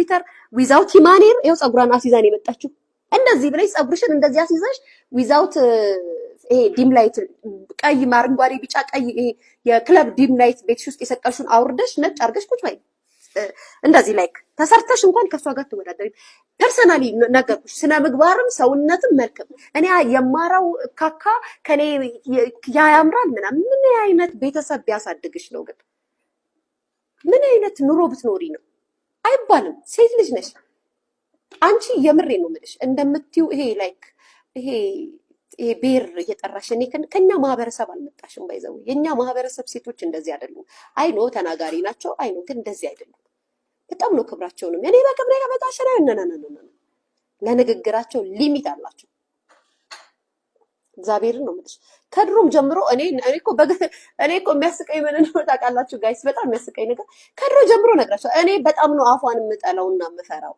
ሊትር ዊዛውት ማኔር ይኸው ፀጉሯን አስይዛን የመጣችው እንደዚህ ብለሽ ፀጉርሽን እንደዚህ አስይዘሽ ዊዛውት ይሄ ዲም ላይት ቀይ አረንጓዴ ቢጫ ቀይ ይሄ የክለብ ዲም ላይት ቤትሽ ውስጥ የሰቀሹን አውርደሽ ነጭ አርገሽ ቁጭ በይ። እንደዚህ ላይክ ተሰርተሽ እንኳን ከሷ ጋር ትወዳደሪ። ፐርሰናሊ ነገርኩሽ፣ ስነ ምግባርም ሰውነትም መልክም። እኔ የማራው ካካ ከኔ ያያምራል ምናምን። ምን አይነት ቤተሰብ ቢያሳድግሽ ነው ግን? ምን አይነት ኑሮ ብትኖሪ ነው? አይባልም። ሴት ልጅ ነሽ አንቺ። የምሬ ነው የምልሽ እንደምትዩ ይሄ ላይክ ይሄ ይሄ ቤር እየጠራሽ እኔ ከኛ ማህበረሰብ አልመጣሽም። ባይዘው የኛ ማህበረሰብ ሴቶች እንደዚህ አይደሉም። አይኖ ተናጋሪ ናቸው፣ አይኖ ግን እንደዚህ አይደሉም። በጣም ነው ክብራቸውንም እኔ በክብሬ ከበጣሽ ነው ነነነነ ለንግግራቸው ሊሚት አላቸው። እግዚአብሔርን ነው የምልሽ። ከድሮም ጀምሮ እኔ እኔ እኮ እኔ እኮ የሚያስቀኝ ምን እንደሆነ ታውቃላችሁ ጋይስ? በጣም የሚያስቀኝ ነገር ከድሮ ጀምሮ ነግራቸው እኔ በጣም ነው አፏን እና የምፈራው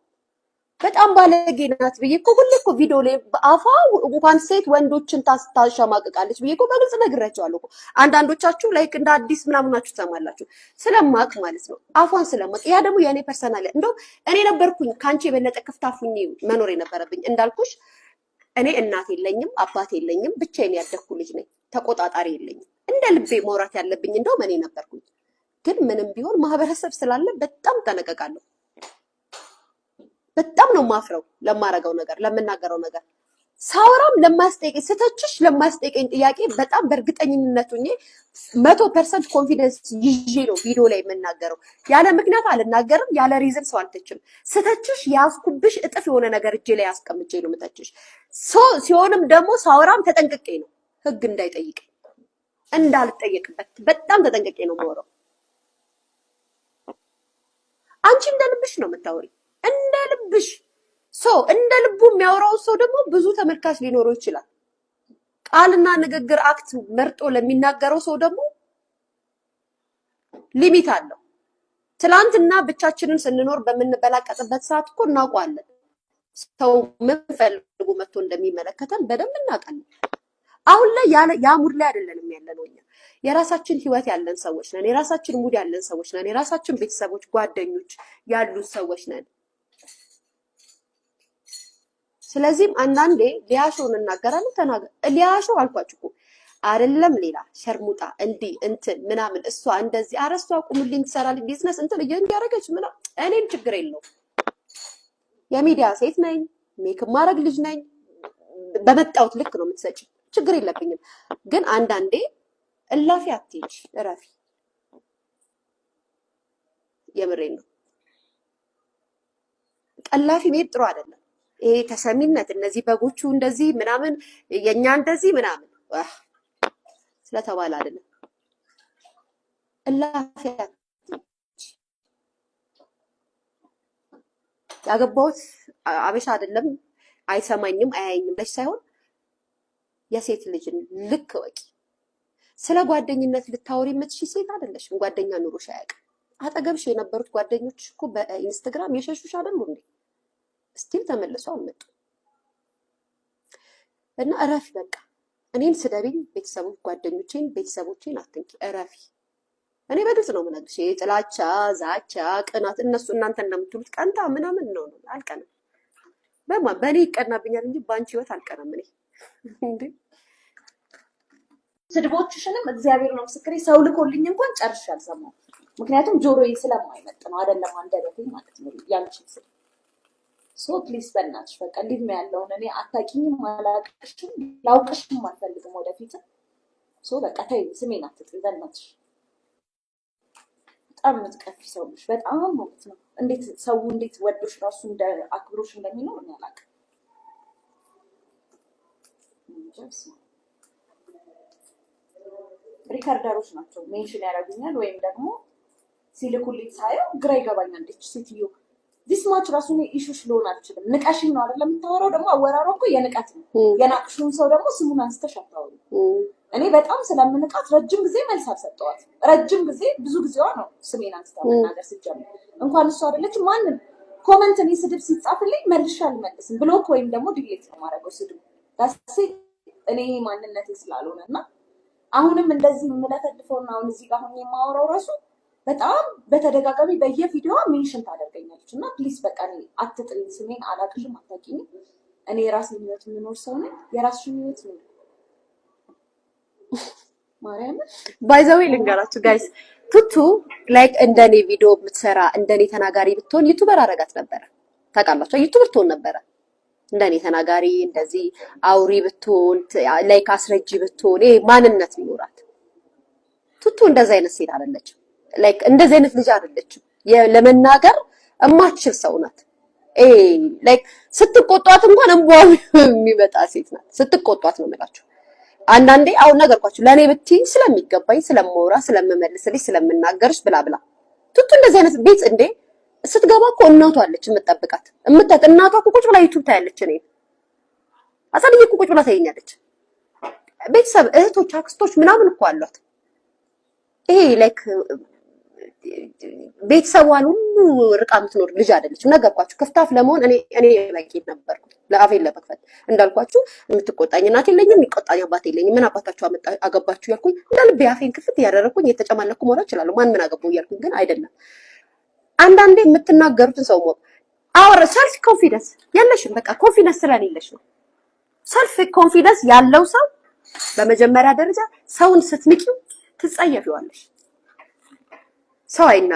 በጣም ባለጌ ናት ብዬ እኮ ሁሌ እኮ ቪዲዮ ላይ አፏ እንኳን ሴት ወንዶችን ታሸማቅቃለች ብዬ እኮ በግልጽ ነግራቸዋለሁ እኮ። አንዳንዶቻችሁ ላይክ እንደ አዲስ ምናምናችሁ ትሰማላችሁ። ስለማቅ ማለት ነው አፏን ስለማቅ። ያ ደግሞ የእኔ ፐርሰናል እንደውም እኔ ነበርኩኝ ከአንቺ የበለጠ ክፍታፉኝ መኖር የነበረብኝ እንዳልኩሽ እኔ እናት የለኝም፣ አባት የለኝም፣ ብቻዬን ያደግኩ ልጅ ነኝ። ተቆጣጣሪ የለኝም። እንደ ልቤ መውራት ያለብኝ እንደውም እኔ ነበርኩኝ። ግን ምንም ቢሆን ማህበረሰብ ስላለ በጣም ጠነቀቃለሁ። በጣም ነው ማፍረው ለማረገው ነገር ለምናገረው ነገር ሳወራም ለማስጠይቀኝ ስተችሽ ለማስጠይቀኝ ጥያቄ በጣም በእርግጠኝነቱ ሆኜ መቶ ፐርሰንት ኮንፊደንስ ይዤ ነው ቪዲዮ ላይ የምናገረው። ያለ ምክንያት አልናገርም፣ ያለ ሪዝን ሰው አልተችም። ስተችሽ ያስኩብሽ እጥፍ የሆነ ነገር እጄ ላይ አስቀምጬ ነው የምተችሽ። ሲሆንም ደግሞ ሳወራም ተጠንቅቄ ነው ህግ እንዳይጠይቀኝ እንዳልጠየቅበት በጣም ተጠንቅቄ ነው የማወራው። አንቺ እንደ ልብሽ ነው የምታወሪ እንደ ልብሽ ሰው እንደ ልቡ የሚያወራው ሰው ደግሞ ብዙ ተመልካች ሊኖረው ይችላል። ቃልና ንግግር አክት መርጦ ለሚናገረው ሰው ደግሞ ሊሚት አለው። ትላንትና ብቻችንን ስንኖር በምንበላቀጥበት ሰዓት እኮ እናውቀዋለን። ሰው ምን ፈልጎ መጥቶ እንደሚመለከተን በደንብ እናውቃለን። አሁን ላይ ያ ሙድ ላይ አይደለንም ያለነው እኛ የራሳችን ህይወት ያለን ሰዎች ነን። የራሳችን ሙድ ያለን ሰዎች ነን። የራሳችን ቤተሰቦች፣ ጓደኞች ያሉ ሰዎች ነን። ስለዚህም አንዳንዴ ሊያሾ እንናገራለን። ተናገር ሊያሾ አልኳችሁ እኮ አይደለም። ሌላ ሸርሙጣ እንዲህ እንትን ምናምን እሷ እንደዚህ ኧረ እሷ ቁምልኝ ትሰራለች ቢዝነስ እንትን እያደረገች ምና እኔም ችግር የለው የሚዲያ ሴት ነኝ፣ ሜክ ማድረግ ልጅ ነኝ። በመጣውት ልክ ነው የምትሰጪ፣ ችግር የለብኝም። ግን አንዳንዴ እላፊ አትሄጂ፣ እረፊ። የምሬን ነው። ቀላፊ መሄድ ጥሩ አይደለም። ይሄ ተሰሚነት እነዚህ በጎቹ እንደዚህ ምናምን የኛ እንደዚህ ምናምን ስለተባለ አይደለም። እላፊያ ያገባሁት አበሻ አይደለም አይሰማኝም አያየኝም ብለሽ ሳይሆን የሴት ልጅን ልክ ወቂ ስለ ጓደኝነት ልታወሪ የምትሽ ሴት አይደለሽም። ጓደኛ ኑሮሽ አያውቅም። አጠገብሽ የነበሩት ጓደኞች እኮ በኢንስታግራም የሸሹሽ አይደሉ እንዴ? ስቲል ተመልሶ አመጡ እና እረፊ በቃ እኔን ስደቢኝ፣ ቤተሰቦች ጓደኞቼን፣ ቤተሰቦቼን አትንኪ፣ እረፊ። እኔ በግልጽ ነው የምነግርሽ። ጥላቻ፣ ዛቻ፣ ቅናት እነሱ እናንተ እንደምትሉት ቀንታ ምናምን ነው ነው አልቀናም። በማ በእኔ ይቀናብኛል እንጂ በአንቺ ህይወት አልቀናም። እኔ እንዴ ስድቦችሽንም እግዚአብሔር ነው ምስክሬ፣ ሰው ልኮልኝ እንኳን ጨርሼ አልሰማሁም። ምክንያቱም ጆሮዬ ስለማይመጥ ነው አይደለም፣ አንደበቴ ማለት ነው ያንቺ ሶ ፕሊስ በእናትሽ በቃ እንዴት ነው ያለውን እኔ አታውቂኝም፣ አላውቅሽም፣ ላውቅሽም አልፈልግም ወደፊትም። ሶ በቃ ተይኝ፣ ስሜን አትጥሪ በእናትሽ። በጣም የምትቀፊ ሰው ነሽ፣ በጣም ማለት ነው። እንዴት ሰው እንዴት ወዶሽ ራሱ እንደ አክብሮሽ እንደሚኖር እኔ አላውቅም። ሪከርደሮች ናቸው ሜንሽን ያደርጉኛል ወይም ደግሞ ሲልኩልኝ ሳየው ግራ ይገባኛል። እንዴት ሴትዮ ዲስ ማች ራሱ እኔ ኢሹሽ ልሆን አልችልም። ንቀሽኝ ነው አይደለም የምታወራው። ደግሞ አወራረው እኮ የንቀት ነው። የናቅሽውን ሰው ደግሞ ስሙን አንስተሽ አታወሪ። እኔ በጣም ስለምንቃት ረጅም ጊዜ መልስ አልሰጠዋት። ረጅም ጊዜ ብዙ ጊዜዋ ነው ስሜን አንስታ መናገር ስትጀምር። እንኳን እሱ አይደለች ማንም ኮመንት፣ እኔ ስድብ ሲጻፍልኝ መልሼ አልመልስም። ብሎክ ወይም ደግሞ ዲሌት ነው የማደርገው ስድብ ዳሴ እኔ ማንነቴ ስላልሆነ እና አሁንም እንደዚህ የምለፈልፈውና አሁን እዚህ ጋር ሆኜ የማወራው ራሱ በጣም በተደጋጋሚ በየቪዲዮ ሜንሽን ታደርገኛለች እና ፕሊዝ በቃ አትጥሪኝ፣ ስሜን አላቅሽም፣ አታውቂኝም። እኔ የራስን ህይወት የምኖር ሰው ነኝ። የራስሽን ህይወት ነው ማርያም ባይዘዌ ልንገራችሁ ጋይስ፣ ቱቱ ላይክ እንደኔ ቪዲዮ የምትሰራ እንደኔ ተናጋሪ ብትሆን ዩቱበር አረጋት ነበረ። ታውቃላችሁ ዩቱበር ትሆን ነበረ። እንደኔ ተናጋሪ እንደዚህ አውሪ ብትሆን ላይክ አስረጂ ብትሆን ይሄ ማንነት ቢኖራት። ቱቱ እንደዛ አይነት ሴት አይደለችም። ላይክ እንደዚህ አይነት ልጅ አይደለችም። ለመናገር እማትችል ሰው ናት። ኤ ላይክ ስትቆጧት እንኳን እንቧም የሚመጣ ሴት ናት። ስትቆጧት ነው የምላችሁ። አንዳንዴ አሁን ነገርኳችሁ ለእኔ ብትይ ስለሚገባኝ ስለማውራ ስለምመልስልሽ ስለምናገርሽ ብላ ብላ ቱቱ እንደዚህ አይነት ቤት እንዴ ስትገባ እኮ እናቷ አለች የምትጠብቃት የምታት እናቷ እኮ ቁጭ ብላ ዩቲዩብ ታያለች። እኔ አሳልዬ እኮ ቁጭ ብላ ታየኛለች። ቤተሰብ እህቶች፣ አክስቶች ምናምን እኮ አሏት። ይሄ ላይክ ቤተሰቧን ሁሉ ርቃ የምትኖር ልጅ አይደለችም። ነገርኳችሁ። ክፍታፍ ለመሆን እኔ በቂ ነበር። ለአፌን ለመክፈት እንዳልኳችሁ፣ የምትቆጣኝ እናት የለኝም፣ የሚቆጣኝ አባት የለኝም። ምን አባታችሁ አገባችሁ እያልኩኝ እንዳልቤ አፌን ክፍት እያደረግኩኝ የተጨማለኩ መውራት እችላለሁ። ማን ምን አገባው እያልኩኝ ግን አይደለም። አንዳንዴ የምትናገሩትን ሰው ሞቅ አወረ ሰልፍ ኮንፊደንስ የለሽም። በቃ ኮንፊደንስ ስለሌለሽ ነው። ሰልፍ ኮንፊደንስ ያለው ሰው በመጀመሪያ ደረጃ ሰውን ስትንቂው ትጸየፊዋለሽ። ሰው አይና